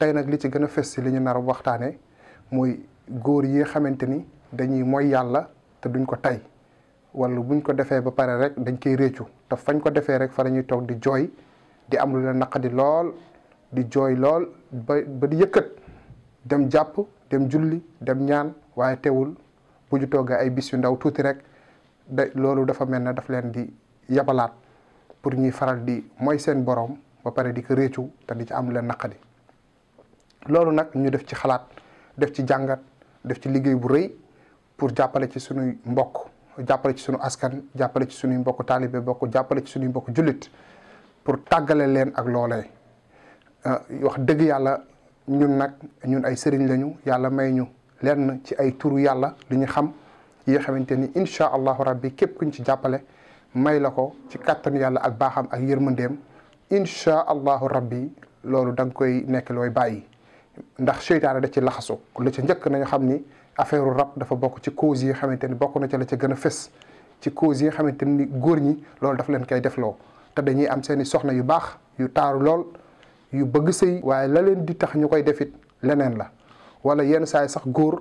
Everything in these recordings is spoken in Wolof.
tay nak li ci gëna fess ci li ñu nar waxtane moy goor yi xamanteni dañuy moy yalla te duñ ko tay walu buñ ko défé ba paré rek dañ koy réccu te fañ ko défé rek fa lañuy tok di joy di am lu la naqadi lool di joy lool ba di yëkkat dem japp dem julli dem ñaan waye téwul bu ñu toogee ay bis yu ndaw tuuti rek da loolu dafa mel daf leen di yabalat pour ñuy faral di moy seen borom ba paré di ko réccu te di ci am la naqadi loolu nag ñu def ci xalaat def ci jàngat def ci liggéey bu rëy pour jàppale ci suñuy mbokk jàppale ci suñu askan jàppale ci suñuy mbokk taalibe mbokk jàppale ci suñuy mbokk jullit pour tàggale leen ak loole euh, wax dëgg yàlla ñun nag ñun ay sëriñ lañu yàlla may ñu lenn ci ay turu yàlla li ñu xam yi nga xamante ni incha allahu rabbi képp kuñ ci jàppale may la ko ci kàttan yàlla ak baaxam ak yërmandeem incha allahu rabbi loolu da koy nekk looy bàyyi ndax seytaane da ci laxasu lu ci njëkk nañu xam ni affaire rab dafa bokk ci cause yi xamante ni bokk na ca la ca gën a fës ci cause yi xamante ni góor ñi loolu daf leen koy defloo te dañuy am seeni soxna yu baax yu taaru lool yu bëgg sëy waaye la leen di tax ñu koy defit leneen la wala yenn saay sax góor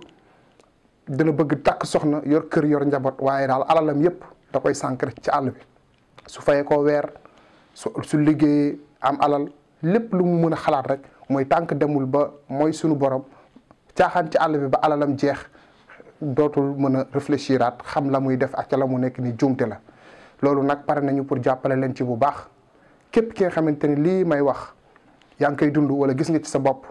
dana bëgg takk soxna yor kër yor njaboot waaye daal alalam yépp da koy sànq ci àll bi su fayee ko weer su su liggéeyee am alal lépp lu mu mën a xalaat rek mooy tànk demul ba mooy sunu borom caaxaan ci àll bi ba alalam jeex dootul mën a réfléchiraat xam la muy def ak ca la mu nekk ni jumte la loolu nag pare nañu pour jàppale leen ci bu baax képp ki nga xamante ni lii may wax yaa ngi koy dund wala gis nga ci sa bopp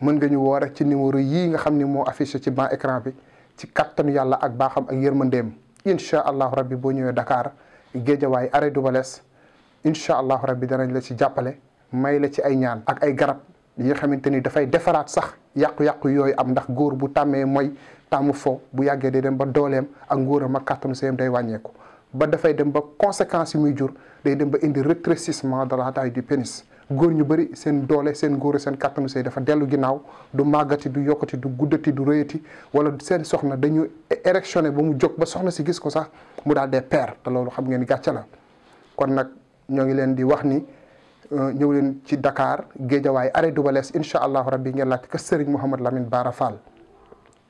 mën nga ñu woo rek ci numéro yii nga xam ni moo affiché ci ban écran bi ci kattanu yàlla ak baaxam ak yërmandeem incha allahu rabbi boo ñëwee Dakar géejawaay arrêt du balees incha allahu rabbi danañ la ci jàppale may la ci ay ñaan ak ay garab yi nga xamante ni dafay defaraat sax yàqu-yàqu yooyu am ndax góor bu tàmmee mooy tàmm fo bu yàggee day dem ba dooleem ak ngóoram ak kàttanu seem day wàññeeku ba dafay dem ba conséquence yu muy jur day dem ba indi rétrécissement de la taille du pénis góor ñu bëri seen doole seen góor seen kàttanu sëy dafa dellu ginnaaw du màggati du yokkati du guddati du rëyati wala seen soxna dañu érectionné ba mu jóg ba soxna si gis ko sax mu daal dee peer te loolu xam ngeen gàcce la kon nag ñoo ngi leen di wax ni Euh, ñëw leen ci Dakar Géejawaay arrêt Double Less incha allahu rabbi ngeen laajte ka sëriñ Mouhamad Lamine Bara Fall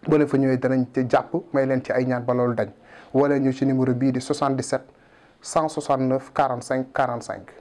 boo leen fa ñëwee danañ ci jàpp may leen ci ay ñaan ba dañ wala ñu ci numéro bii di 77 169 45 45.